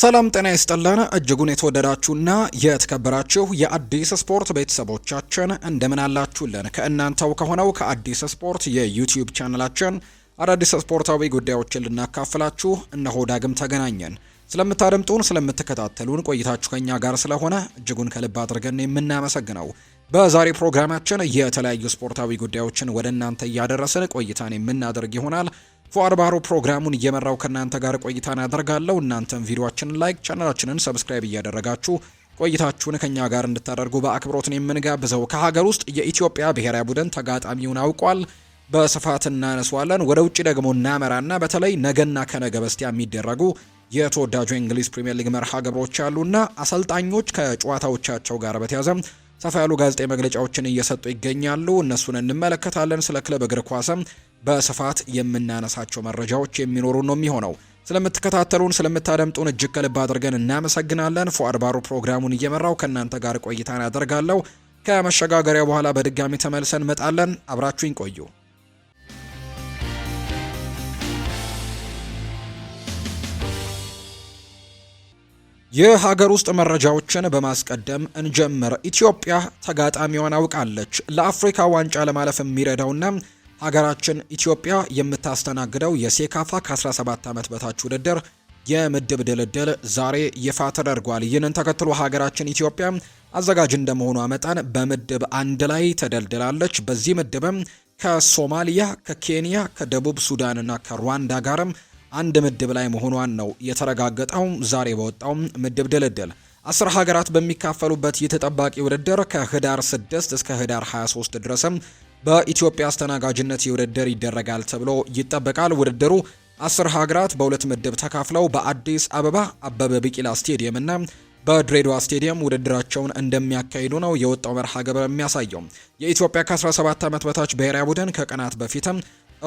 ሰላም ጤና ይስጥልን እጅጉን የተወደዳችሁና የተከበራችሁ የአዲስ ስፖርት ቤተሰቦቻችን እንደምን አላችሁልን? ከእናንተው ከሆነው ከአዲስ ስፖርት የዩቲዩብ ቻነላችን አዳዲስ ስፖርታዊ ጉዳዮችን ልናካፍላችሁ እነሆ ዳግም ተገናኘን። ስለምታደምጡን፣ ስለምትከታተሉን ቆይታችሁ ከኛ ጋር ስለሆነ እጅጉን ከልብ አድርገን የምናመሰግነው። በዛሬ ፕሮግራማችን የተለያዩ ስፖርታዊ ጉዳዮችን ወደ እናንተ እያደረስን ቆይታን የምናደርግ ይሆናል። ፉአድ ፕሮግራሙን እየመራው ከእናንተ ጋር ቆይታን ያደርጋለሁ። እናንተም ቪዲዮችንን ላይክ፣ ቻናላችንን ሰብስክራይብ እያደረጋችሁ ቆይታችሁን ከኛ ጋር እንድታደርጉ በአክብሮትን የምንጋብዘው። ከሀገር ውስጥ የኢትዮጵያ ብሔራዊ ቡድን ተጋጣሚውን አውቋል። በስፋት እናነሷለን። ወደ ውጭ ደግሞ እናመራና በተለይ ነገና ከነገ በስቲያ የሚደረጉ የተወዳጁ የእንግሊዝ ፕሪምየር ሊግ መርሃ ግብሮች አሉና አሰልጣኞች ከጨዋታዎቻቸው ጋር በተያያዘ ሰፋ ያሉ ጋዜጣዊ መግለጫዎችን እየሰጡ ይገኛሉ። እነሱን እንመለከታለን። ስለ ክለብ እግር ኳስም በስፋት የምናነሳቸው መረጃዎች የሚኖሩ ነው የሚሆነው። ስለምትከታተሉን ስለምታደምጡን እጅግ ከልብ አድርገን እናመሰግናለን። ፉአድ ባሩ ፕሮግራሙን እየመራው ከእናንተ ጋር ቆይታን አደርጋለሁ። ከመሸጋገሪያ በኋላ በድጋሚ ተመልሰን እንመጣለን። አብራችሁኝ ቆዩ። የሀገር ውስጥ መረጃዎችን በማስቀደም እንጀምር። ኢትዮጵያ ተጋጣሚዋን አውቃለች። ለአፍሪካ ዋንጫ ለማለፍ የሚረዳውና ሀገራችን ኢትዮጵያ የምታስተናግደው የሴካፋ ከ17 ዓመት በታች ውድድር የምድብ ድልድል ዛሬ ይፋ ተደርጓል። ይህንን ተከትሎ ሀገራችን ኢትዮጵያ አዘጋጅ እንደመሆኗ መጠን በምድብ አንድ ላይ ተደልድላለች። በዚህ ምድብም ከሶማሊያ፣ ከኬንያ፣ ከደቡብ ሱዳንና ከሩዋንዳ ጋርም አንድ ምድብ ላይ መሆኗን ነው የተረጋገጠው ዛሬ በወጣው ምድብ ድልድል። አስር ሀገራት በሚካፈሉበት የተጠባቂ ውድድር ከህዳር 6 እስከ ህዳር 23 ድረስም በኢትዮጵያ አስተናጋጅነት የውድድር ይደረጋል ተብሎ ይጠበቃል። ውድድሩ አስር ሀገራት በሁለት ምድብ ተካፍለው በአዲስ አበባ አበበ ቢቂላ ስቴዲየም እና በድሬዳዋ ስቴዲየም ውድድራቸውን እንደሚያካሂዱ ነው የወጣው መርሃ ግብር የሚያሳየው። የኢትዮጵያ ከ17 ዓመት በታች ብሔራዊ ቡድን ከቀናት በፊትም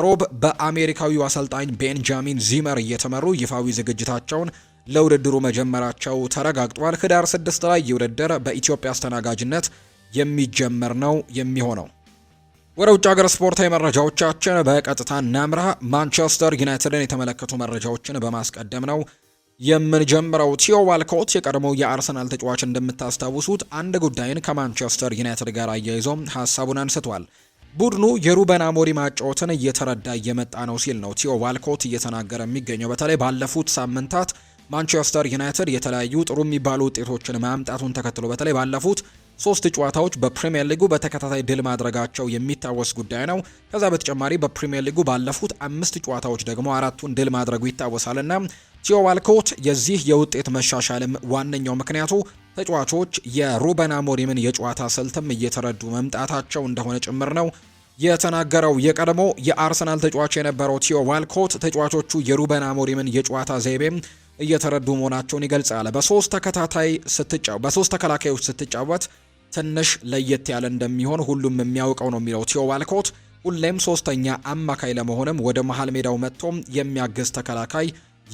ሮብ በአሜሪካዊው አሰልጣኝ ቤንጃሚን ዚመር እየተመሩ ይፋዊ ዝግጅታቸውን ለውድድሩ መጀመራቸው ተረጋግጧል። ህዳር 6 ላይ ውድድር በኢትዮጵያ አስተናጋጅነት የሚጀመር ነው የሚሆነው ወደ ውጭ ሀገር ስፖርታዊ መረጃዎቻችን በቀጥታ እናምራ። ማንቸስተር ዩናይትድን የተመለከቱ መረጃዎችን በማስቀደም ነው የምንጀምረው። ቲዮ ዋልኮት የቀድሞው የአርሰናል ተጫዋች እንደምታስታውሱት አንድ ጉዳይን ከማንቸስተር ዩናይትድ ጋር አያይዞ ሀሳቡን አንስቷል። ቡድኑ የሩበን አሞሪ ማጫወትን እየተረዳ እየመጣ ነው ሲል ነው ቲዮ ዋልኮት እየተናገረ የሚገኘው። በተለይ ባለፉት ሳምንታት ማንቸስተር ዩናይትድ የተለያዩ ጥሩ የሚባሉ ውጤቶችን ማምጣቱን ተከትሎ በተለይ ባለፉት ሶስት ጨዋታዎች በፕሪምየር ሊጉ በተከታታይ ድል ማድረጋቸው የሚታወስ ጉዳይ ነው። ከዛ በተጨማሪ በፕሪምየር ሊጉ ባለፉት አምስት ጨዋታዎች ደግሞ አራቱን ድል ማድረጉ ይታወሳልና ቲዮ ዋልኮት የዚህ የውጤት መሻሻልም ዋነኛው ምክንያቱ ተጫዋቾች የሩበን አሞሪምን የጨዋታ ስልትም እየተረዱ መምጣታቸው እንደሆነ ጭምር ነው የተናገረው የቀድሞ የአርሰናል ተጫዋች የነበረው ቲዮ ዋልኮት ተጫዋቾቹ የሩበን አሞሪምን የጨዋታ ዘይቤም እየተረዱ መሆናቸውን ይገልጻል። በሶስት ተከታታይ ስትጫ በሶስት ተከላካዮች ስትጫወት ትንሽ ለየት ያለ እንደሚሆን ሁሉም የሚያውቀው ነው የሚለው ቲዮ ዋልኮት ሁሌም ሶስተኛ አማካይ ለመሆንም ወደ መሀል ሜዳው መጥቶም የሚያግዝ ተከላካይ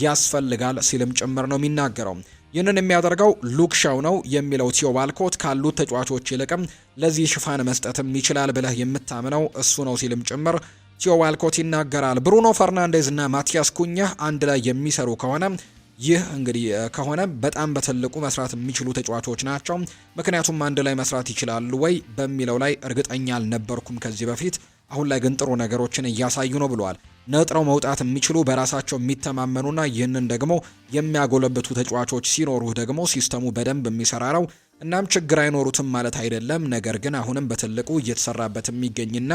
ያስፈልጋል ሲልም ጭምር ነው የሚናገረው። ይህንን የሚያደርገው ሉክሻው ነው የሚለው ቲዮ ዋልኮት ካሉት ተጫዋቾች ይልቅም ለዚህ ሽፋን መስጠትም ይችላል ብለህ የምታምነው እሱ ነው ሲልም ጭምር ቲዮ ዋልኮት ይናገራል። ብሩኖ ፈርናንዴዝ እና ማቲያስ ኩኛህ አንድ ላይ የሚሰሩ ከሆነ ይህ እንግዲህ ከሆነ በጣም በትልቁ መስራት የሚችሉ ተጫዋቾች ናቸው። ምክንያቱም አንድ ላይ መስራት ይችላሉ ወይ በሚለው ላይ እርግጠኛ አልነበርኩም ከዚህ በፊት። አሁን ላይ ግን ጥሩ ነገሮችን እያሳዩ ነው ብለዋል። ነጥረው መውጣት የሚችሉ በራሳቸው የሚተማመኑና ይህንን ደግሞ የሚያጎለብቱ ተጫዋቾች ሲኖሩ ደግሞ ሲስተሙ በደንብ የሚሰራ ነው። እናም ችግር አይኖሩትም ማለት አይደለም። ነገር ግን አሁንም በትልቁ እየተሰራበት የሚገኝና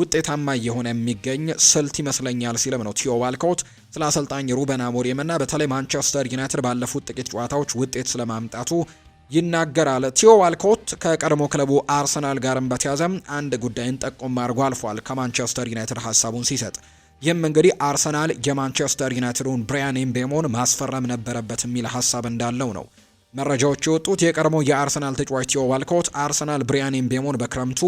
ውጤታማ እየሆነ የሚገኝ ስልት ይመስለኛል ሲልም ነው ቲዮ ዋልኮት ስለ አሰልጣኝ ሩበን አሞሪምና በተለይ ማንቸስተር ዩናይትድ ባለፉት ጥቂት ጨዋታዎች ውጤት ስለማምጣቱ ይናገራል። ቲዮ ዋልኮት ከቀድሞ ክለቡ አርሰናል ጋርም በተያዘ አንድ ጉዳይን ጠቁም አድርጎ አልፏል ከማንቸስተር ዩናይትድ ሀሳቡን ሲሰጥ። ይህም እንግዲህ አርሰናል የማንቸስተር ዩናይትዱን ብሪያን ኤምቤሞን ማስፈረም ነበረበት የሚል ሀሳብ እንዳለው ነው መረጃዎች የወጡት። የቀድሞ የአርሰናል ተጫዋች ቲዮ ዋልኮት አርሰናል ብሪያን ኤምቤሞን በክረምቱ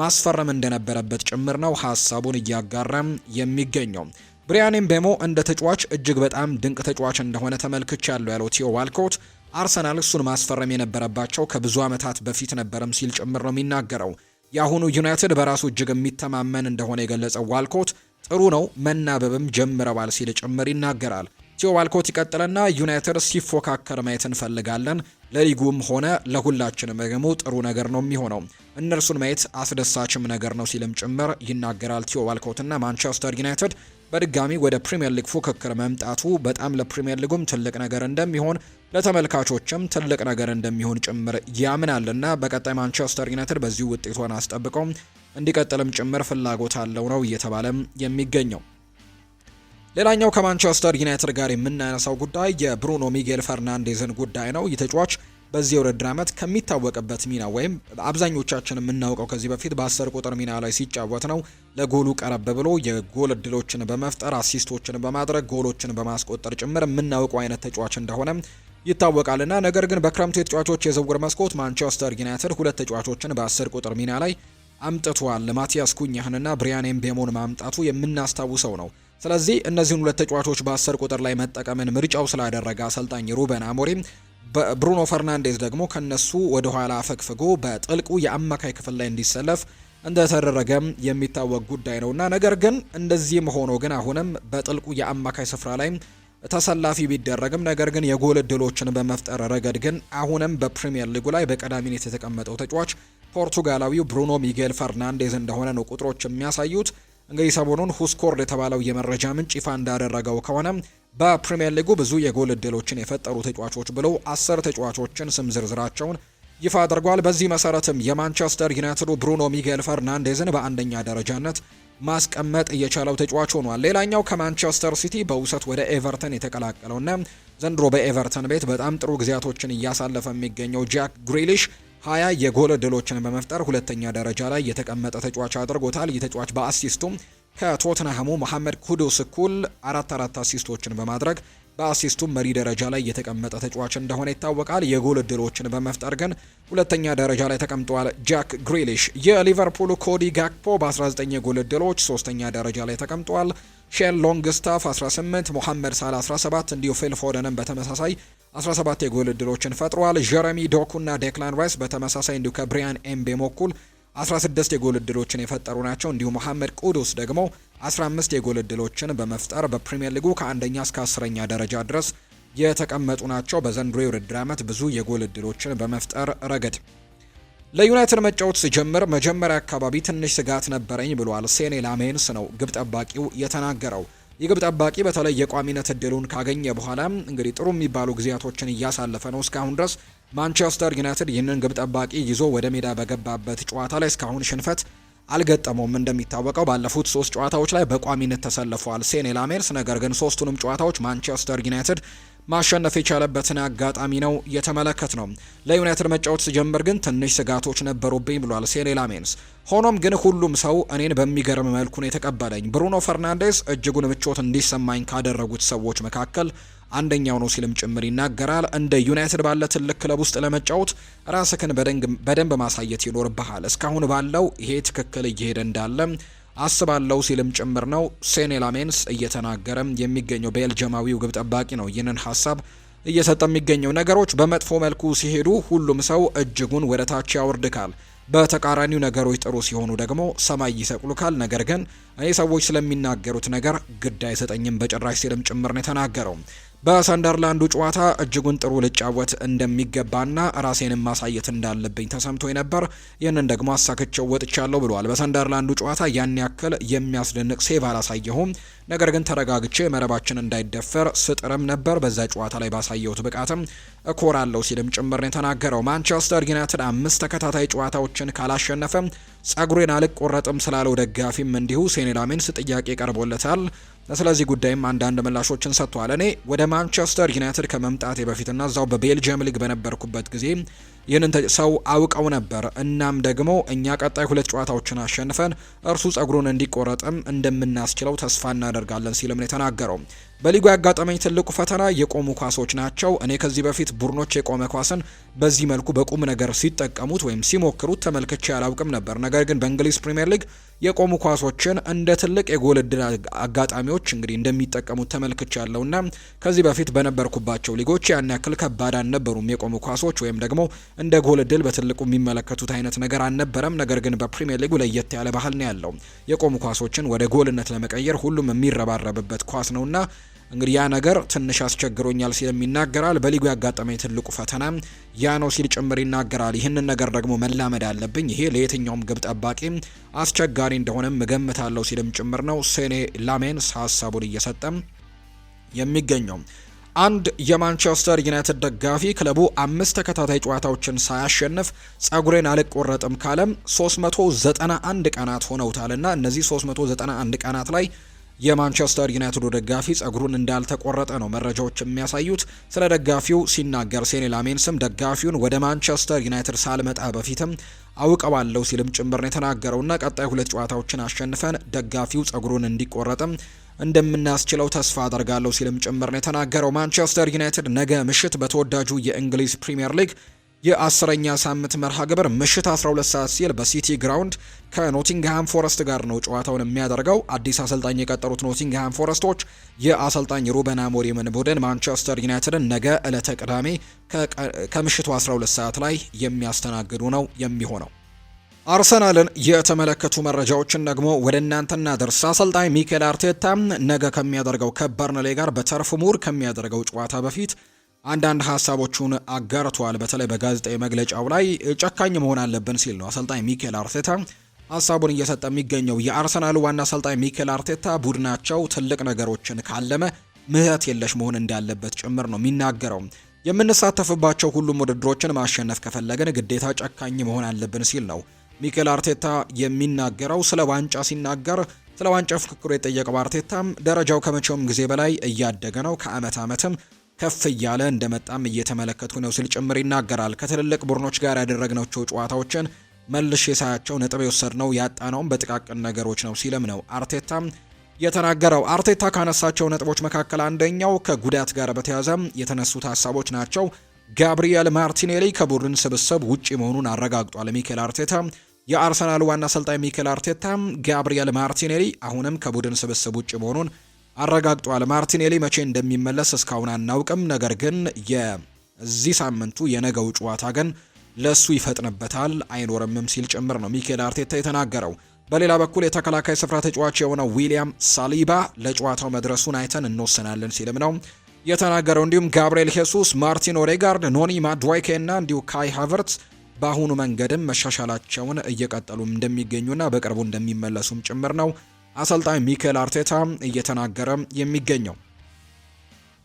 ማስፈረም እንደነበረበት ጭምር ነው ሀሳቡን እያጋራም የሚገኘው። ብሪያን ኤምቤሞ እንደ ተጫዋች እጅግ በጣም ድንቅ ተጫዋች እንደሆነ ተመልክቻለሁ ያለው ቲዮ ዋልኮት አርሰናል እሱን ማስፈረም የነበረባቸው ከብዙ ዓመታት በፊት ነበረም ሲል ጭምር ነው የሚናገረው። የአሁኑ ዩናይትድ በራሱ እጅግ የሚተማመን እንደሆነ የገለጸው ዋልኮት ጥሩ ነው መናበብም ጀምረዋል ሲል ጭምር ይናገራል። ጆ ዋልኮት ይቀጥልና ዩናይትድ ሲፎካከር ማየት እንፈልጋለን። ለሊጉም ሆነ ለሁላችንም ደግሞ ጥሩ ነገር ነው የሚሆነው እነርሱን ማየት አስደሳችም ነገር ነው ሲልም ጭምር ይናገራል። ቲዮ ዋልኮትና ማንቸስተር ዩናይትድ በድጋሚ ወደ ፕሪምየር ሊግ ፉክክር መምጣቱ በጣም ለፕሪምየር ሊጉም ትልቅ ነገር እንደሚሆን ለተመልካቾችም ትልቅ ነገር እንደሚሆን ጭምር ያምናልና በቀጣይ ማንቸስተር ዩናይትድ በዚሁ ውጤቷን አስጠብቀው እንዲቀጥልም ጭምር ፍላጎት አለው ነው እየተባለም የሚገኘው። ሌላኛው ከማንቸስተር ዩናይትድ ጋር የምናነሳው ጉዳይ የብሩኖ ሚጌል ፈርናንዴዝን ጉዳይ ነው። ይህ ተጫዋች በዚህ የውድድር ዓመት ከሚታወቅበት ሚና ወይም አብዛኞቻችን የምናውቀው ከዚህ በፊት በአስር ቁጥር ሚና ላይ ሲጫወት ነው። ለጎሉ ቀረብ ብሎ የጎል እድሎችን በመፍጠር አሲስቶችን በማድረግ ጎሎችን በማስቆጠር ጭምር የምናውቀው አይነት ተጫዋች እንደሆነ ይታወቃልና ነገር ግን በክረምቱ የተጫዋቾች የዝውውር መስኮት ማንቸስተር ዩናይትድ ሁለት ተጫዋቾችን በአስር ቁጥር ሚና ላይ አምጥቷል። ማቲያስ ኩኛህንና ብሪያን ኤምቤሞን ማምጣቱ የምናስታውሰው ነው። ስለዚህ እነዚህን ሁለት ተጫዋቾች በአስር ቁጥር ላይ መጠቀምን ምርጫው ስላደረገ አሰልጣኝ ሩበን አሞሪም ብሩኖ ፈርናንዴዝ ደግሞ ከነሱ ወደ ኋላ አፈግፍጎ በጥልቁ የአማካይ ክፍል ላይ እንዲሰለፍ እንደተደረገም የሚታወቅ ጉዳይ ነውና፣ ነገር ግን እንደዚህም ሆኖ ግን አሁንም በጥልቁ የአማካይ ስፍራ ላይ ተሰላፊ ቢደረግም ነገር ግን የጎል እድሎችን በመፍጠር ረገድ ግን አሁንም በፕሪምየር ሊጉ ላይ በቀዳሚነት የተቀመጠው ተጫዋች ፖርቱጋላዊው ብሩኖ ሚጌል ፈርናንዴዝ እንደሆነ ነው ቁጥሮች የሚያሳዩት። እንግዲህ ሰሞኑን ሁስኮር የተባለው የመረጃ ምንጭ ይፋ እንዳደረገው ከሆነ በፕሪምየር ሊጉ ብዙ የጎል እድሎችን የፈጠሩ ተጫዋቾች ብለው አስር ተጫዋቾችን ስም ዝርዝራቸውን ይፋ አድርጓል። በዚህ መሰረትም የማንቸስተር ዩናይትዱ ብሩኖ ሚጌል ፈርናንዴዝን በአንደኛ ደረጃነት ማስቀመጥ እየቻለው ተጫዋች ሆኗል። ሌላኛው ከማንቸስተር ሲቲ በውሰት ወደ ኤቨርተን የተቀላቀለውና ዘንድሮ በኤቨርተን ቤት በጣም ጥሩ ጊዜያቶችን እያሳለፈ የሚገኘው ጃክ ግሪሊሽ ሀያ የጎል እድሎችን በመፍጠር ሁለተኛ ደረጃ ላይ የተቀመጠ ተጫዋች አድርጎታል። ይህ ተጫዋች በአሲስቱም ከቶትናሃሙ መሐመድ ኩዱስ እኩል አራት አራት አሲስቶችን በማድረግ በአሲስቱም መሪ ደረጃ ላይ የተቀመጠ ተጫዋች እንደሆነ ይታወቃል። የጎል እድሎችን በመፍጠር ግን ሁለተኛ ደረጃ ላይ ተቀምጧል። ጃክ ግሪሊሽ የሊቨርፑል ኮዲ ጋክፖ በ19 የጎል እድሎች ሶስተኛ ደረጃ ላይ ተቀምጧል። ሼን ሎንግስታፍ 18፣ ሞሐመድ ሳል 17 እንዲሁ ፊል ፎደንም በተመሳሳይ 17 የጎል እድሎችን ፈጥረዋል። ጀረሚ ዶኩና ዴክላን ራይስ በተመሳሳይ እንዲሁ ከብሪያን ኤምቤ ሞኩል 16 የጎል እድሎችን የፈጠሩ ናቸው። እንዲሁ መሐመድ ቁዱስ ደግሞ 15 የጎል እድሎችን በመፍጠር በፕሪምየር ሊጉ ከአንደኛ እስከ አስረኛ ደረጃ ድረስ የተቀመጡ ናቸው። በዘንድሮ የውድድር ዓመት ብዙ የጎል እድሎችን በመፍጠር ረገድ ለዩናይትድ መጫወት ሲጀምር መጀመሪያ አካባቢ ትንሽ ስጋት ነበረኝ ብሏል። ሴኔ ላሜንስ ነው ግብ ጠባቂው የተናገረው። የግብ ጠባቂ በተለይ የቋሚነት እድሉን ካገኘ በኋላ እንግዲህ ጥሩ የሚባሉ ጊዜያቶችን እያሳለፈ ነው። እስካሁን ድረስ ማንቸስተር ዩናይትድ ይህንን ግብ ጠባቂ ይዞ ወደ ሜዳ በገባበት ጨዋታ ላይ እስካሁን ሽንፈት አልገጠመውም። እንደሚታወቀው ባለፉት ሶስት ጨዋታዎች ላይ በቋሚነት ተሰልፏል ሴኔ ላሜርስ። ነገር ግን ሶስቱንም ጨዋታዎች ማንቸስተር ዩናይትድ ማሸነፍ የቻለበትን አጋጣሚ ነው የተመለከት ነው። ለዩናይትድ መጫወት ሲጀምር ግን ትንሽ ስጋቶች ነበሩብኝ ብሏል ሴኔ ላሜንስ። ሆኖም ግን ሁሉም ሰው እኔን በሚገርም መልኩ ነው የተቀበለኝ። ብሩኖ ፈርናንዴስ እጅጉን ምቾት እንዲሰማኝ ካደረጉት ሰዎች መካከል አንደኛው ነው ሲልም ጭምር ይናገራል። እንደ ዩናይትድ ባለ ትልቅ ክለብ ውስጥ ለመጫወት ራስክን በደንብ ማሳየት ይኖርብሃል። እስካሁን ባለው ይሄ ትክክል እየሄደ እንዳለ አስባለው ሲልም ጭምር ነው ሴኔ ላሜንስ እየተናገረም የሚገኘው ቤልጅማዊው ግብ ጠባቂ ነው ይህንን ሀሳብ እየሰጠ የሚገኘው። ነገሮች በመጥፎ መልኩ ሲሄዱ ሁሉም ሰው እጅጉን ወደ ታች ያወርድካል። በተቃራኒው ነገሮች ጥሩ ሲሆኑ ደግሞ ሰማይ ይሰቅሉካል። ነገር ግን እኔ ሰዎች ስለሚናገሩት ነገር ግድ አይሰጠኝም በጭራሽ ሲልም ጭምር ነው የተናገረው። በሰንደርላንዱ ጨዋታ እጅጉን ጥሩ ልጫወት እንደሚገባና ራሴንም ማሳየት እንዳለብኝ ተሰምቶ ነበር። ይህንን ደግሞ አሳክቸው ወጥቻለሁ ብለዋል። በሰንደርላንዱ ጨዋታ ያን ያክል የሚያስደንቅ ሴቭ አላሳየሁም፣ ነገር ግን ተረጋግቼ መረባችን እንዳይደፈር ስጥርም ነበር። በዛ ጨዋታ ላይ ባሳየሁት ብቃትም እኮራለሁ ሲልም ጭምር ነው የተናገረው። ማንቸስተር ዩናይትድ አምስት ተከታታይ ጨዋታዎችን ካላሸነፈም ጸጉሬን አልቆረጥም ስላለው ደጋፊም እንዲሁ ሴኔላሜንስ ጥያቄ ቀርቦለታል። ስለዚህ ጉዳይም አንዳንድ ምላሾችን ሰጥቷል። እኔ ወደ ማንቸስተር ዩናይትድ ከመምጣቴ በፊትና እዛው በቤልጅየም ሊግ በነበርኩበት ጊዜ ይህንን ሰው አውቀው ነበር። እናም ደግሞ እኛ ቀጣይ ሁለት ጨዋታዎችን አሸንፈን እርሱ ጸጉሩን እንዲቆረጥም እንደምናስችለው ተስፋ እናደርጋለን ሲልም ነው የተናገረው። በሊጉ ያጋጠመኝ ትልቁ ፈተና የቆሙ ኳሶች ናቸው። እኔ ከዚህ በፊት ቡድኖች የቆመ ኳስን በዚህ መልኩ በቁም ነገር ሲጠቀሙት ወይም ሲሞክሩት ተመልክቼ አላውቅም ነበር። ነገር ግን በእንግሊዝ ፕሪምየር ሊግ የቆሙ ኳሶችን እንደ ትልቅ የጎል እድል አጋጣሚዎች እንግዲህ እንደሚጠቀሙት ተመልክቼ ያለውና ከዚህ በፊት በነበርኩባቸው ሊጎች ያን ያክል ከባድ አልነበሩም የቆሙ ኳሶች ወይም ደግሞ እንደ ጎል እድል በትልቁ የሚመለከቱት አይነት ነገር አልነበረም። ነገር ግን በፕሪምየር ሊጉ ለየት ያለ ባህል ነው ያለው። የቆሙ ኳሶችን ወደ ጎልነት ለመቀየር ሁሉም የሚረባረብበት ኳስ ነውና እንግዲህ ያ ነገር ትንሽ አስቸግሮኛል ሲልም ይናገራል። በሊጉ ያጋጠመኝ ትልቁ ፈተና ያ ነው ሲል ጭምር ይናገራል። ይህንን ነገር ደግሞ መላመድ አለብኝ። ይሄ ለየትኛውም ግብ ጠባቂ አስቸጋሪ እንደሆነም እገምታለሁ ሲልም ጭምር ነው ሴኔ ላሜንስ ሀሳቡን እየሰጠም የሚገኘው። አንድ የማንቸስተር ዩናይትድ ደጋፊ ክለቡ አምስት ተከታታይ ጨዋታዎችን ሳያሸንፍ ጸጉሬን አልቆረጥም ካለም 391 ቀናት ሆነውታልና እነዚህ 391 ቀናት ላይ የማንቸስተር ዩናይትዱ ደጋፊ ጸጉሩን እንዳልተቆረጠ ነው መረጃዎች የሚያሳዩት። ስለ ደጋፊው ሲናገር ሴኔ ላሜንስም ደጋፊውን ወደ ማንቸስተር ዩናይትድ ሳልመጣ በፊትም አውቀዋለሁ ሲልም ጭምር ነው የተናገረውና ቀጣይ ሁለት ጨዋታዎችን አሸንፈን ደጋፊው ጸጉሩን እንዲቆረጥም እንደምናስችለው ተስፋ አደርጋለሁ ሲልም ጭምር ነው የተናገረው። ማንቸስተር ዩናይትድ ነገ ምሽት በተወዳጁ የእንግሊዝ ፕሪምየር ሊግ የአስረኛ ሳምንት መርሃ ግብር ምሽት 12 ሰዓት ሲል በሲቲ ግራውንድ ከኖቲንግሃም ፎረስት ጋር ነው ጨዋታውን የሚያደርገው። አዲስ አሰልጣኝ የቀጠሩት ኖቲንግሃም ፎረስቶች የአሰልጣኝ ሩበን አሞሪምን ቡድን ማንቸስተር ዩናይትድን ነገ ዕለተ ቅዳሜ ከምሽቱ 12 ሰዓት ላይ የሚያስተናግዱ ነው የሚሆነው። አርሰናልን የተመለከቱ መረጃዎችን ደግሞ ወደ እናንተና ደርስ አሰልጣኝ ሚኬል አርቴታ ነገ ከሚያደርገው ከበርንሌ ጋር በተርፍ ሙር ከሚያደርገው ጨዋታ በፊት አንዳንድ ሀሳቦቹን አጋርቷል። በተለይ በጋዜጣዊ መግለጫው ላይ ጨካኝ መሆን አለብን ሲል ነው አሰልጣኝ ሚኬል አርቴታ ሀሳቡን እየሰጠ የሚገኘው። የአርሰናሉ ዋና አሰልጣኝ ሚኬል አርቴታ ቡድናቸው ትልቅ ነገሮችን ካለመ ምህረት የለሽ መሆን እንዳለበት ጭምር ነው የሚናገረው። የምንሳተፍባቸው ሁሉም ውድድሮችን ማሸነፍ ከፈለግን ግዴታ ጨካኝ መሆን አለብን ሲል ነው ሚኬል አርቴታ የሚናገረው። ስለ ዋንጫ ሲናገር ስለ ዋንጫ ፍክክሩ የጠየቀው አርቴታም ደረጃው ከመቼውም ጊዜ በላይ እያደገ ነው፣ ከአመት አመትም ከፍ እያለ እንደመጣም እየተመለከቱ ነው ሲል ጭምር ይናገራል። ከትልልቅ ቡድኖች ጋር ያደረግናቸው ጨዋታዎችን መልሽ የሳያቸው ነጥብ የወሰድነው ያጣነውም በጥቃቅን ነገሮች ነው ሲልም ነው አርቴታ የተናገረው። አርቴታ ካነሳቸው ነጥቦች መካከል አንደኛው ከጉዳት ጋር በተያያዘ የተነሱት ሀሳቦች ናቸው። ጋብሪኤል ማርቲኔሊ ከቡድን ስብስብ ውጪ መሆኑን አረጋግጧል ሚኬል አርቴታ። የአርሰናል ዋና አሰልጣኝ ሚኬል አርቴታ ጋብሪኤል ማርቲኔሊ አሁንም ከቡድን ስብስብ ውጪ መሆኑን አረጋግጧል። ማርቲኔሊ መቼ እንደሚመለስ እስካሁን አናውቅም። ነገር ግን የዚህ ሳምንቱ የነገው ጨዋታ ግን ለሱ ይፈጥንበታል አይኖርምም ሲል ጭምር ነው ሚኬል አርቴታ የተናገረው። በሌላ በኩል የተከላካይ ስፍራ ተጫዋች የሆነው ዊሊያም ሳሊባ ለጨዋታው መድረሱን አይተን እንወሰናለን ሲልም ነው የተናገረው። እንዲሁም ጋብርኤል ሄሱስ፣ ማርቲን ኦዴጋርድ፣ ኖኒ ማድዋይኬ እና እንዲሁ ካይ ሃቨርት በአሁኑ መንገድም መሻሻላቸውን እየቀጠሉ እንደሚገኙና በቅርቡ እንደሚመለሱም ጭምር ነው አሰልጣኝ ሚኬል አርቴታ እየተናገረ የሚገኘው።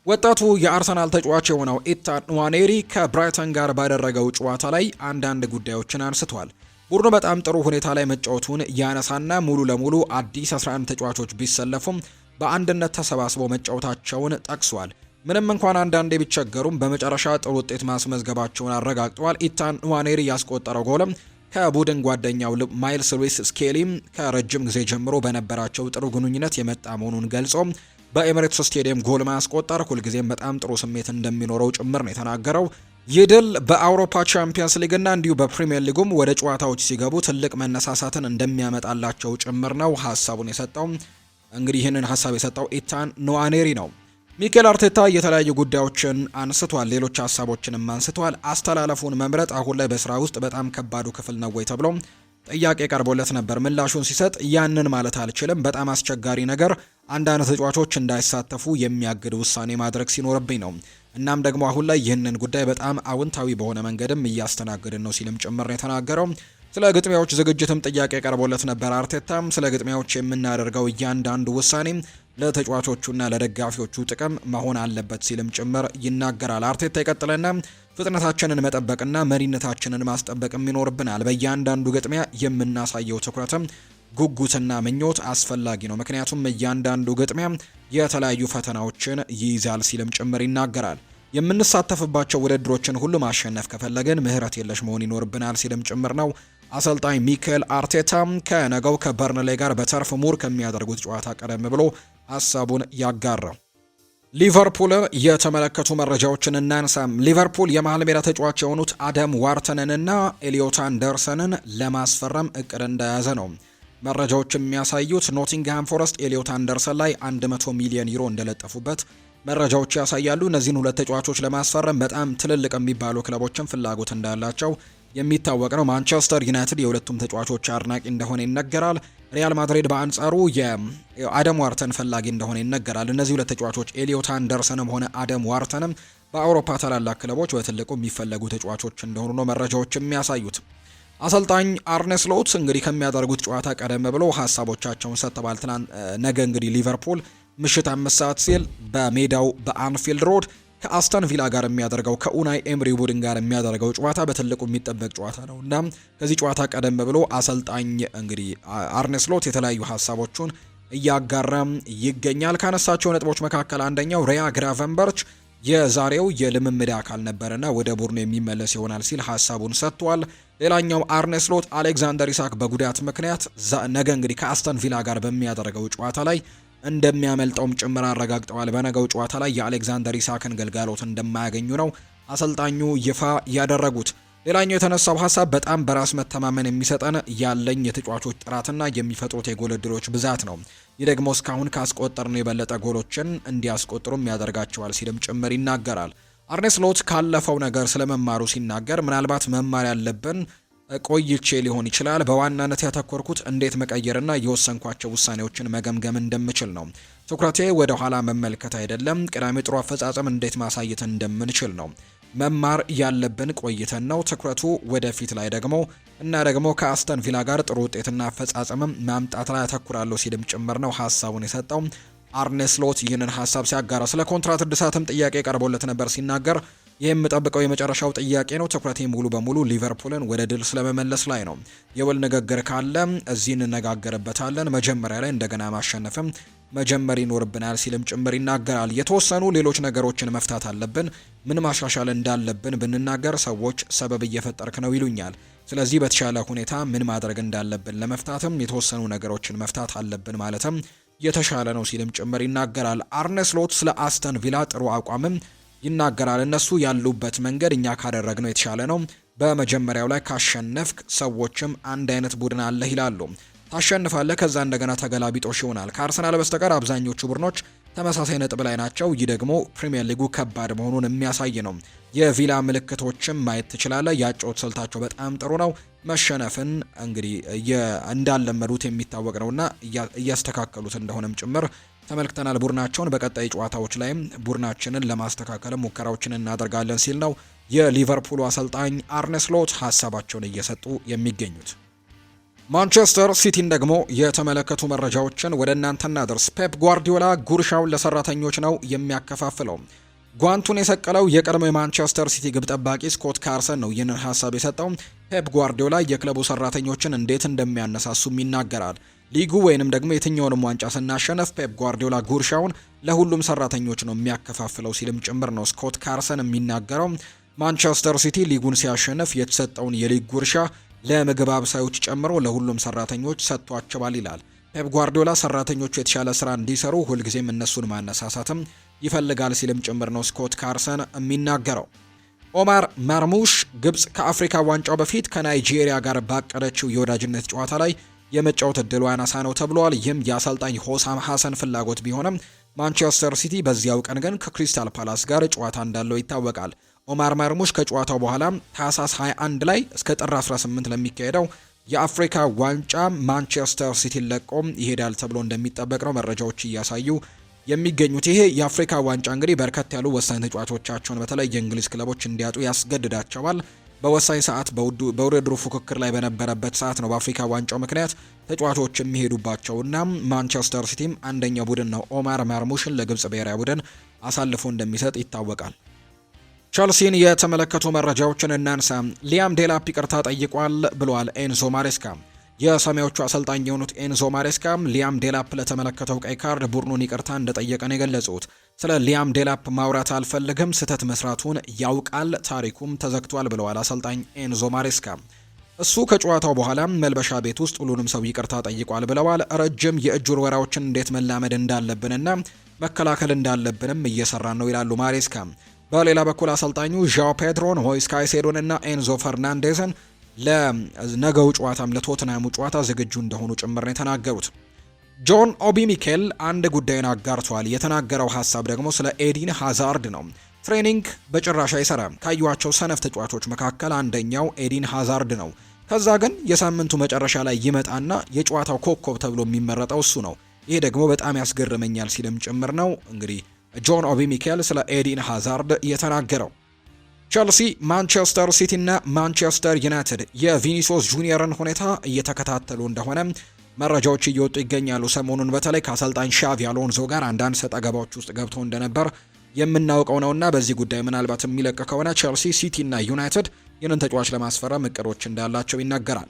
ወጣቱ የአርሰናል ተጫዋች የሆነው ኢታን ንዋኔሪ ከብራይተን ጋር ባደረገው ጨዋታ ላይ አንዳንድ ጉዳዮችን አንስቷል። ቡድኑ በጣም ጥሩ ሁኔታ ላይ መጫወቱን ያነሳና ሙሉ ለሙሉ አዲስ 11 ተጫዋቾች ቢሰለፉም በአንድነት ተሰባስቦ መጫወታቸውን ጠቅሷል። ምንም እንኳን አንዳንዴ ቢቸገሩም በመጨረሻ ጥሩ ውጤት ማስመዝገባቸውን አረጋግጠዋል። ኢታን ንዋኔሪ ያስቆጠረው ጎልም ከቡድን ጓደኛው ማይልስ ሉዊስ ስኬሊም ከረጅም ጊዜ ጀምሮ በነበራቸው ጥሩ ግንኙነት የመጣ መሆኑን ገልጾ በኤምሬትስ ስቴዲየም ጎል ማስቆጠር ሁልጊዜም በጣም ጥሩ ስሜት እንደሚኖረው ጭምር ነው የተናገረው። ይህ ድል በአውሮፓ ቻምፒየንስ ሊግና እንዲሁ በፕሪምየር ሊጉም ወደ ጨዋታዎች ሲገቡ ትልቅ መነሳሳትን እንደሚያመጣላቸው ጭምር ነው ሀሳቡን የሰጠው። እንግዲህ ይህንን ሀሳብ የሰጠው ኢታን ኖዋኔሪ ነው። ሚኬል አርቴታ የተለያዩ ጉዳዮችን አንስቷል፣ ሌሎች ሀሳቦችንም አንስቷል። አስተላለፉን መምረጥ አሁን ላይ በስራ ውስጥ በጣም ከባዱ ክፍል ነው ወይ ተብሎ ጥያቄ ቀርቦለት ነበር። ምላሹን ሲሰጥ ያንን ማለት አልችልም፣ በጣም አስቸጋሪ ነገር፣ አንዳንድ ተጫዋቾች እንዳይሳተፉ የሚያግድ ውሳኔ ማድረግ ሲኖርብኝ ነው። እናም ደግሞ አሁን ላይ ይህንን ጉዳይ በጣም አውንታዊ በሆነ መንገድም እያስተናገድን ነው ሲልም ጭምር የተናገረው። ስለ ግጥሚያዎች ዝግጅትም ጥያቄ ቀርቦለት ነበር። አርቴታም ስለ ግጥሚያዎች የምናደርገው እያንዳንዱ ውሳኔ ለተጫዋቾቹና ለደጋፊዎቹ ጥቅም መሆን አለበት ሲልም ጭምር ይናገራል። አርቴታ ይቀጥልና ፍጥነታችንን መጠበቅና መሪነታችንን ማስጠበቅም ይኖርብናል። በእያንዳንዱ ግጥሚያ የምናሳየው ትኩረትም ጉጉትና ምኞት አስፈላጊ ነው፣ ምክንያቱም እያንዳንዱ ግጥሚያ የተለያዩ ፈተናዎችን ይይዛል ሲልም ጭምር ይናገራል። የምንሳተፍባቸው ውድድሮችን ሁሉ ማሸነፍ ከፈለግን ምህረት የለሽ መሆን ይኖርብናል ሲልም ጭምር ነው አሰልጣኝ ሚካኤል አርቴታ ከነገው ከበርንሌ ጋር በተርፍ ሙር ከሚያደርጉት ጨዋታ ቀደም ብሎ ሀሳቡን ያጋራው። ሊቨርፑል የተመለከቱ መረጃዎችን እናንሳም። ሊቨርፑል የመሀል ሜዳ ተጫዋች የሆኑት አደም ዋርተንንና ኤሊዮት አንደርሰንን ለማስፈረም እቅድ እንደያዘ ነው መረጃዎች የሚያሳዩት። ኖቲንግሃም ፎረስት ኤሊዮት አንደርሰን ላይ 100 ሚሊዮን ዩሮ እንደለጠፉበት መረጃዎች ያሳያሉ። እነዚህን ሁለት ተጫዋቾች ለማስፈረም በጣም ትልልቅ የሚባሉ ክለቦችን ፍላጎት እንዳላቸው የሚታወቅ ነው። ማንቸስተር ዩናይትድ የሁለቱም ተጫዋቾች አድናቂ እንደሆነ ይነገራል። ሪያል ማድሪድ በአንጻሩ የአደም ዋርተን ፈላጊ እንደሆነ ይነገራል። እነዚህ ሁለት ተጫዋቾች ኤሊዮት አንደርሰንም ሆነ አደም ዋርተንም በአውሮፓ ታላላቅ ክለቦች በትልቁ የሚፈለጉ ተጫዋቾች እንደሆኑ ነው መረጃዎች የሚያሳዩት። አሰልጣኝ አርነ ስሎት እንግዲህ ከሚያደርጉት ጨዋታ ቀደም ብሎ ሀሳቦቻቸውን ሰጥተዋል። ትናንት ነገ እንግዲህ ሊቨርፑል ምሽት አምስት ሰዓት ሲል በሜዳው በአንፊልድ ሮድ ከአስተን ቪላ ጋር የሚያደርገው ከኡናይ ኤምሪ ቡድን ጋር የሚያደርገው ጨዋታ በትልቁ የሚጠበቅ ጨዋታ ነው እና ከዚህ ጨዋታ ቀደም ብሎ አሰልጣኝ እንግዲህ አርኔስሎት የተለያዩ ሀሳቦቹን እያጋራም ይገኛል። ካነሳቸው ነጥቦች መካከል አንደኛው ሪያ ግራቨንበርች የዛሬው የልምምድ አካል ነበርና ወደ ቡድኑ የሚመለስ ይሆናል ሲል ሀሳቡን ሰጥቷል። ሌላኛው አርኔስሎት አሌክዛንደር ኢሳክ በጉዳት ምክንያት ነገ እንግዲህ ከአስተን ቪላ ጋር በሚያደርገው ጨዋታ ላይ እንደሚያመልጠውም ጭምር አረጋግጠዋል። በነገው ጨዋታ ላይ የአሌክዛንደር ኢሳክን ግልጋሎት እንደማያገኙ ነው አሰልጣኙ ይፋ ያደረጉት። ሌላኛው የተነሳው ሀሳብ በጣም በራስ መተማመን የሚሰጠን ያለኝ የተጫዋቾች ጥራትና የሚፈጥሩት የጎል እድሎች ብዛት ነው። ይህ ደግሞ እስካሁን ካስቆጠርነው የበለጠ ጎሎችን እንዲያስቆጥሩም ያደርጋቸዋል ሲልም ጭምር ይናገራል። አርኔ ሎት ካለፈው ነገር ስለመማሩ ሲናገር ምናልባት መማር ያለብን ቆይቼ ሊሆን ይችላል በዋናነት ያተኮርኩት እንዴት መቀየርና የወሰንኳቸው ውሳኔዎችን መገምገም እንደምችል ነው። ትኩረቴ ወደ ኋላ መመልከት አይደለም፣ ቅዳሜ ጥሩ አፈጻጸም እንዴት ማሳየት እንደምንችል ነው። መማር ያለብን ቆይተን ነው። ትኩረቱ ወደፊት ላይ ደግሞ እና ደግሞ ከአስተን ቪላ ጋር ጥሩ ውጤትና አፈጻጸምም ማምጣት ላይ ያተኩራለሁ ሲልም ጭምር ነው ሀሳቡን የሰጠው። አርኔ ስሎት ይህንን ሀሳብ ሲያጋራ ስለ ኮንትራት እድሳትም ጥያቄ ቀርቦለት ነበር ሲናገር የምጠብቀው የመጨረሻው ጥያቄ ነው። ትኩረቴ ሙሉ በሙሉ ሊቨርፑልን ወደ ድል ስለመመለስ ላይ ነው። የውል ንግግር ካለ እዚህ እንነጋገርበታለን። መጀመሪያ ላይ እንደገና ማሸነፍም መጀመር ይኖርብናል ሲልም ጭምር ይናገራል። የተወሰኑ ሌሎች ነገሮችን መፍታት አለብን። ምን ማሻሻል እንዳለብን ብንናገር ሰዎች ሰበብ እየፈጠርክ ነው ይሉኛል። ስለዚህ በተሻለ ሁኔታ ምን ማድረግ እንዳለብን ለመፍታትም የተወሰኑ ነገሮችን መፍታት አለብን ማለትም የተሻለ ነው ሲልም ጭምር ይናገራል። አርነስሎት ስለ አስተን ቪላ ጥሩ አቋምም ይናገራል። እነሱ ያሉበት መንገድ እኛ ካደረግነው የተሻለ ነው። በመጀመሪያው ላይ ካሸነፍክ ሰዎችም አንድ አይነት ቡድን አለህ ይላሉ። ታሸንፋለህ፣ ከዛ እንደገና ተገላቢጦሽ ይሆናል። ከአርሰናል በስተቀር አብዛኞቹ ቡድኖች ተመሳሳይ ነጥብ ላይ ናቸው። ይህ ደግሞ ፕሪምየር ሊጉ ከባድ መሆኑን የሚያሳይ ነው። የቪላ ምልክቶችም ማየት ትችላለህ። የአጨዋወት ስልታቸው በጣም ጥሩ ነው። መሸነፍን እንግዲህ እንዳለመዱት የሚታወቅ ነውና እያስተካከሉት እንደሆነም ጭምር ተመልክተናል። ቡድናቸውን በቀጣይ ጨዋታዎች ላይም ቡድናችንን ለማስተካከል ሙከራዎችን እናደርጋለን ሲል ነው የሊቨርፑሉ አሰልጣኝ አርነ ሎት ሀሳባቸውን እየሰጡ የሚገኙት። ማንቸስተር ሲቲን ደግሞ የተመለከቱ መረጃዎችን ወደ እናንተ እናደርስ። ፔፕ ጓርዲዮላ ጉርሻውን ለሰራተኞች ነው የሚያከፋፍለው። ጓንቱን የሰቀለው የቀድሞ የማንቸስተር ሲቲ ግብ ጠባቂ ስኮት ካርሰን ነው ይህንን ሀሳብ የሰጠው። ፔፕ ጓርዲዮላ የክለቡ ሰራተኞችን እንዴት እንደሚያነሳሱም ይናገራል። ሊጉ ወይንም ደግሞ የትኛውንም ዋንጫ ስናሸነፍ ፔፕ ጓርዲዮላ ጉርሻውን ለሁሉም ሰራተኞች ነው የሚያከፋፍለው ሲልም ጭምር ነው ስኮት ካርሰን የሚናገረው። ማንቸስተር ሲቲ ሊጉን ሲያሸንፍ የተሰጠውን የሊግ ጉርሻ ለምግብ አብሳዮች ጨምሮ ለሁሉም ሰራተኞች ሰጥቷቸዋል ይላል ፔፕ ጓርዲዮላ። ሰራተኞቹ የተሻለ ስራ እንዲሰሩ ሁልጊዜም እነሱን ማነሳሳትም ይፈልጋል ሲልም ጭምር ነው ስኮት ካርሰን የሚናገረው። ኦማር ማርሙሽ ግብጽ ከአፍሪካ ዋንጫው በፊት ከናይጄሪያ ጋር ባቀደችው የወዳጅነት ጨዋታ ላይ የመጫወት እድሉ አናሳ ነው ተብሏል። ይህም የአሰልጣኝ ሆሳም ሀሰን ፍላጎት ቢሆንም ማንቸስተር ሲቲ በዚያው ቀን ግን ከክሪስታል ፓላስ ጋር ጨዋታ እንዳለው ይታወቃል። ኦማር ማርሙሽ ከጨዋታው በኋላ ታህሳስ 21 ላይ እስከ ጥር 18 ለሚካሄደው የአፍሪካ ዋንጫ ማንቸስተር ሲቲን ለቆ ይሄዳል ተብሎ እንደሚጠበቅ ነው መረጃዎች እያሳዩ የሚገኙት። ይሄ የአፍሪካ ዋንጫ እንግዲህ በርከት ያሉ ወሳኝ ተጫዋቾቻቸውን በተለይ የእንግሊዝ ክለቦች እንዲያጡ ያስገድዳቸዋል። በወሳኝ ሰዓት በውድድሩ ፉክክር ላይ በነበረበት ሰዓት ነው በአፍሪካ ዋንጫው ምክንያት ተጫዋቾች የሚሄዱባቸውና ማንቸስተር ሲቲም አንደኛው ቡድን ነው ኦማር ማርሙሽን ለግብጽ ብሔራዊ ቡድን አሳልፎ እንደሚሰጥ ይታወቃል። ቸልሲን የተመለከቱ መረጃዎችን እናንሳ። ሊያም ዴላፕ ይቅርታ ጠይቋል ብሏል ኤንዞ ማሬስካ። የሰማያዊዎቹ አሰልጣኝ የሆኑት ኤንዞ ማሬስካም ሊያም ዴላፕ ለተመለከተው ቀይ ካርድ ቡድኑን ይቅርታ እንደጠየቀ ነው የገለጹት። ስለ ሊያም ዴላፕ ማውራት አልፈልግም፣ ስህተት መስራቱን ያውቃል፣ ታሪኩም ተዘግቷል ብለዋል አሰልጣኝ ኤንዞ ማሬስካ። እሱ ከጨዋታው በኋላ መልበሻ ቤት ውስጥ ሁሉንም ሰው ይቅርታ ጠይቋል ብለዋል። ረጅም የእጅ ውርወራዎችን እንዴት መላመድ እንዳለብንና መከላከል እንዳለብንም እየሰራን ነው ይላሉ ማሬስካ። በሌላ በኩል አሰልጣኙ ዣው ፔድሮን፣ ሞይስ ካይሴዶን እና ኤንዞ ፈርናንዴዝን ለነገው ጨዋታም ለቶትናሙ ጨዋታ ዝግጁ እንደሆኑ ጭምር ነው የተናገሩት። ጆን ኦቢ ሚኬል አንድ ጉዳይን አጋርቷል። የተናገረው ሀሳብ ደግሞ ስለ ኤዲን ሃዛርድ ነው። ትሬኒንግ በጭራሽ አይሰራም። ካዩዋቸው ሰነፍ ተጫዋቾች መካከል አንደኛው ኤዲን ሃዛርድ ነው። ከዛ ግን የሳምንቱ መጨረሻ ላይ ይመጣና የጨዋታው ኮከብ ተብሎ የሚመረጠው እሱ ነው። ይሄ ደግሞ በጣም ያስገርመኛል ሲልም ጭምር ነው እንግዲህ ጆን ኦቢ ሚኬል ስለ ኤዲን ሃዛርድ የተናገረው። ቸልሲ፣ ማንቸስተር ሲቲ እና ማንቸስተር ዩናይትድ የቪኒሲዮስ ጁኒየርን ሁኔታ እየተከታተሉ እንደሆነ መረጃዎች እየወጡ ይገኛሉ። ሰሞኑን በተለይ ከአሰልጣኝ ሻቪ አሎንዞ ጋር አንዳንድ ሰጠገባዎች ውስጥ ገብቶ እንደነበር የምናውቀው ነውና በዚህ ጉዳይ ምናልባት የሚለቅ ከሆነ ቸልሲ፣ ሲቲ እና ዩናይትድ ይህንን ተጫዋች ለማስፈረም እቅዶች እንዳላቸው ይናገራል።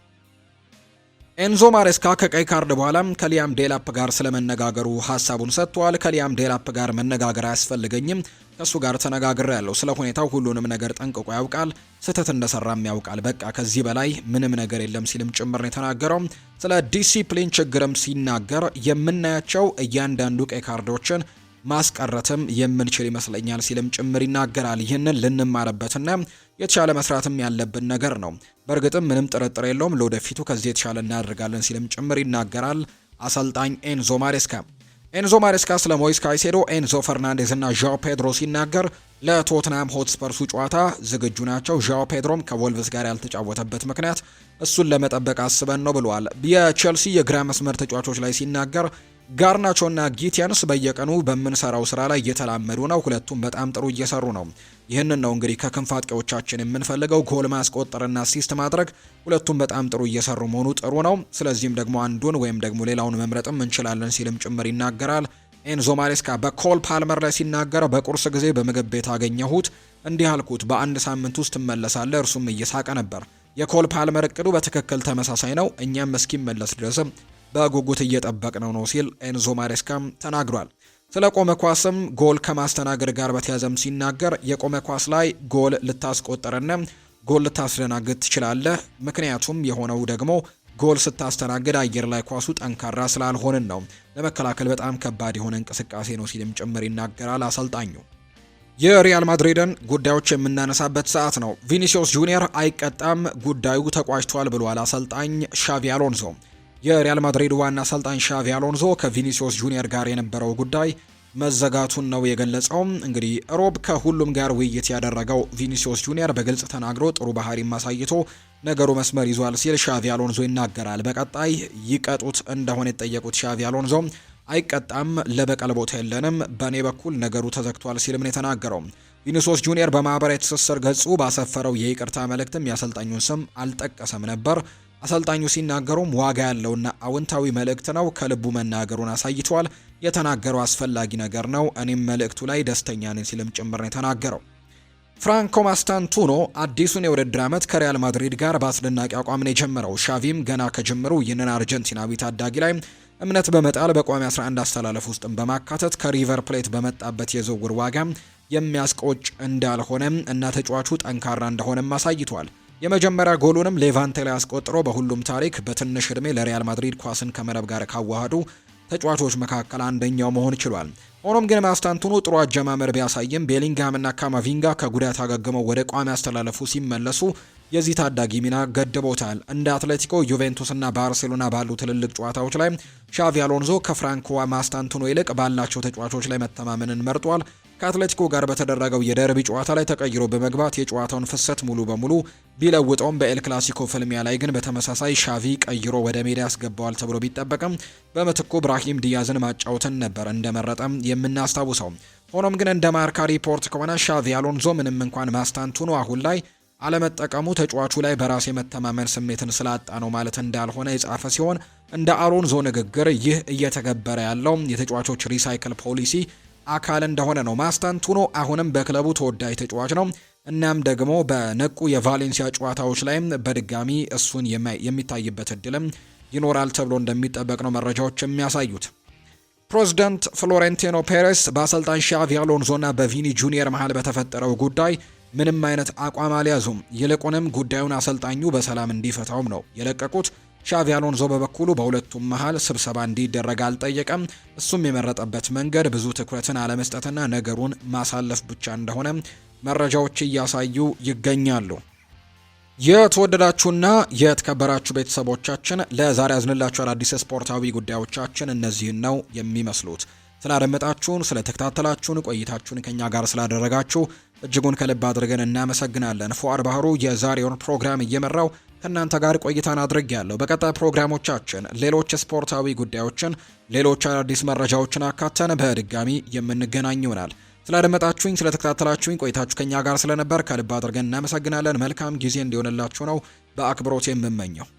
ኤንዞ ማሬስካ ከቀይ ካርድ በኋላም ከሊያም ዴላፕ ጋር ስለመነጋገሩ ሀሳቡን ሰጥቷል። ከሊያም ዴላፕ ጋር መነጋገር አያስፈልገኝም፣ ከእሱ ጋር ተነጋግረ ያለው ስለ ሁኔታው ሁሉንም ነገር ጠንቅቆ ያውቃል፣ ስህተት እንደሰራም ያውቃል። በቃ ከዚህ በላይ ምንም ነገር የለም ሲልም ጭምር ነው የተናገረው። ስለ ዲሲፕሊን ችግርም ሲናገር የምናያቸው እያንዳንዱ ቀይ ካርዶችን ማስቀረትም የምንችል ይመስለኛል ሲልም ጭምር ይናገራል። ይህንን ልንማርበትና የተሻለ መስራትም ያለብን ነገር ነው። በእርግጥም ምንም ጥርጥር የለውም ለወደፊቱ ከዚህ የተሻለ እናደርጋለን ሲልም ጭምር ይናገራል አሰልጣኝ ኤንዞ ማሬስካ። ኤንዞ ማሬስካ ስለ ሞይስ ካይሴዶ፣ ኤንዞ ፈርናንዴዝ እና ዣኦ ፔድሮ ሲናገር ለቶትናም ሆትስፐርሱ ጨዋታ ዝግጁ ናቸው። ዣኦ ፔድሮም ከቮልቭስ ጋር ያልተጫወተበት ምክንያት እሱን ለመጠበቅ አስበን ነው ብለዋል። የቼልሲ የግራ መስመር ተጫዋቾች ላይ ሲናገር ጋርናቾና ጊቲያንስ በየቀኑ በምንሰራው ስራ ላይ እየተላመዱ ነው። ሁለቱም በጣም ጥሩ እየሰሩ ነው። ይህንን ነው እንግዲህ ከክንፍ አጥቂዎቻችን የምንፈልገው ጎል ማስቆጠርና ሲስት ማድረግ። ሁለቱም በጣም ጥሩ እየሰሩ መሆኑ ጥሩ ነው። ስለዚህም ደግሞ አንዱን ወይም ደግሞ ሌላውን መምረጥም እንችላለን ሲልም ጭምር ይናገራል። ኤንዞ ማሬስካ በኮል ፓልመር ላይ ሲናገር በቁርስ ጊዜ በምግብ ቤት አገኘሁት። እንዲህ አልኩት፣ በአንድ ሳምንት ውስጥ እመለሳለ። እርሱም እየሳቀ ነበር። የኮል ፓልመር እቅዱ በትክክል ተመሳሳይ ነው። እኛም እስኪመለስ ድረስም በጉጉት እየጠበቅ ነው ነው ሲል ኤንዞ ማሬስካም ተናግሯል። ስለ ቆመ ኳስም ጎል ከማስተናገድ ጋር በተያዘም ሲናገር የቆመ ኳስ ላይ ጎል ልታስቆጠርና ጎል ልታስደናግድ ትችላለህ። ምክንያቱም የሆነው ደግሞ ጎል ስታስተናግድ አየር ላይ ኳሱ ጠንካራ ስላልሆንን ነው። ለመከላከል በጣም ከባድ የሆነ እንቅስቃሴ ነው ሲልም ጭምር ይናገራል አሰልጣኙ። የሪያል ማድሪድን ጉዳዮች የምናነሳበት ሰዓት ነው። ቪኒሲዮስ ጁኒየር አይቀጣም፣ ጉዳዩ ተቋጭቷል ብሏል አሰልጣኝ ሻቪ አሎንሶ። የሪያል ማድሪድ ዋና አሰልጣኝ ሻቪ አሎንዞ ከቪኒሲዮስ ጁኒየር ጋር የነበረው ጉዳይ መዘጋቱን ነው የገለጸው። እንግዲህ ሮብ ከሁሉም ጋር ውይይት ያደረገው ቪኒሲዮስ ጁኒየር በግልጽ ተናግሮ ጥሩ ባህሪ ማሳይቶ ነገሩ መስመር ይዟል ሲል ሻቪ አሎንዞ ይናገራል። በቀጣይ ይቀጡት እንደሆነ የጠየቁት ሻቪ አሎንዞ አይቀጣም፣ ለበቀል ቦታ የለንም፣ በእኔ በኩል ነገሩ ተዘግቷል ሲልም ነው የተናገረው። ቪኒሲዮስ ጁኒየር በማህበራዊ ትስስር ገጹ ባሰፈረው የይቅርታ መልእክትም ያሰልጣኙን ስም አልጠቀሰም ነበር። አሰልጣኙ ሲናገሩም ዋጋ ያለውና አውንታዊ መልእክት ነው። ከልቡ መናገሩን አሳይቷል። የተናገረው አስፈላጊ ነገር ነው። እኔም መልእክቱ ላይ ደስተኛ ነኝ ሲልም ጭምር ነው የተናገረው። ፍራንኮ ማስታንቱኖ አዲሱን የውድድር ዓመት ከሪያል ማድሪድ ጋር በአስደናቂ አቋም ነው የጀመረው። ሻቪም ገና ከጅምሩ ይህንን አርጀንቲናዊ ታዳጊ ላይ እምነት በመጣል በቋሚ 11 አስተላለፍ ውስጥም በማካተት ከሪቨር ፕሌት በመጣበት የዝውውር ዋጋ የሚያስቆጭ እንዳልሆነም እና ተጫዋቹ ጠንካራ እንደሆነም አሳይቷል። የመጀመሪያ ጎሉንም ሌቫንቴ ላይ አስቆጥሮ በሁሉም ታሪክ በትንሽ ዕድሜ ለሪያል ማድሪድ ኳስን ከመረብ ጋር ካዋሃዱ ተጫዋቾች መካከል አንደኛው መሆን ችሏል። ሆኖም ግን ማስታንቱኑ ጥሩ አጀማመር ቢያሳይም ቤሊንግሃምና ካማቪንጋ ከጉዳት አገግመው ወደ ቋሚ አስተላለፉ ሲመለሱ የዚህ ታዳጊ ሚና ገድቦታል። እንደ አትሌቲኮ፣ ዩቬንቱስና ባርሴሎና ባሉ ትልልቅ ጨዋታዎች ላይ ሻቪ አሎንዞ ከፍራንኮ ማስታንቱኖ ይልቅ ባላቸው ተጫዋቾች ላይ መተማመንን መርጧል። ከአትሌቲኮ ጋር በተደረገው የደርቢ ጨዋታ ላይ ተቀይሮ በመግባት የጨዋታውን ፍሰት ሙሉ በሙሉ ቢለውጠውም በኤል ክላሲኮ ፍልሚያ ላይ ግን በተመሳሳይ ሻቪ ቀይሮ ወደ ሜዳ ያስገባዋል ተብሎ ቢጠበቅም በምትኩ ብራሂም ዲያዝን ማጫወትን ነበር እንደመረጠም የምናስታውሰው። ሆኖም ግን እንደ ማርካ ሪፖርት ከሆነ ሻቪ አሎንዞ ምንም እንኳን ማስታንቱኖ አሁን ላይ አለመጠቀሙ ተጫዋቹ ላይ በራስ የመተማመን ስሜትን ስላጣ ነው ማለት እንዳልሆነ የጻፈ ሲሆን እንደ አሎንዞ ንግግር ይህ እየተገበረ ያለው የተጫዋቾች ሪሳይክል ፖሊሲ አካል እንደሆነ ነው። ማስታንቱኖ አሁንም በክለቡ ተወዳጅ ተጫዋች ነው። እናም ደግሞ በነቁ የቫሌንሲያ ጨዋታዎች ላይም በድጋሚ እሱን የሚታይበት እድልም ይኖራል ተብሎ እንደሚጠበቅ ነው መረጃዎች የሚያሳዩት። ፕሬዚዳንት ፍሎሬንቲኖ ፔሬስ በአሰልጣኝ ሻቪ አሎንሶና በቪኒ ጁኒየር መሃል በተፈጠረው ጉዳይ ምንም አይነት አቋም አልያዙም። ይልቁንም ጉዳዩን አሰልጣኙ በሰላም እንዲፈታውም ነው የለቀቁት። ሻቪ አሎንዞ በበኩሉ በሁለቱም መሀል ስብሰባ እንዲደረግ አልጠየቀም። እሱም የመረጠበት መንገድ ብዙ ትኩረትን አለመስጠትና ነገሩን ማሳለፍ ብቻ እንደሆነ መረጃዎች እያሳዩ ይገኛሉ። የተወደዳችሁና የተከበራችሁ ቤተሰቦቻችን ለዛሬ ያዝንላችሁ አዳዲስ ስፖርታዊ ጉዳዮቻችን እነዚህን ነው የሚመስሉት። ስላደመጣችሁን፣ ስለተከታተላችሁን፣ ቆይታችሁን ከኛ ጋር ስላደረጋችሁ እጅጉን ከልብ አድርገን እናመሰግናለን። ፎአር ባህሩ የዛሬውን ፕሮግራም እየመራው ከእናንተ ጋር ቆይታን አድርግ ያለው። በቀጣይ ፕሮግራሞቻችን ሌሎች ስፖርታዊ ጉዳዮችን፣ ሌሎች አዳዲስ መረጃዎችን አካተን በድጋሚ የምንገናኝ ይሆናል። ስላደመጣችሁኝ፣ ስለተከታተላችሁኝ ቆይታችሁ ከኛ ጋር ስለነበር ከልብ አድርገን እናመሰግናለን። መልካም ጊዜ እንዲሆንላችሁ ነው በአክብሮት የምመኘው።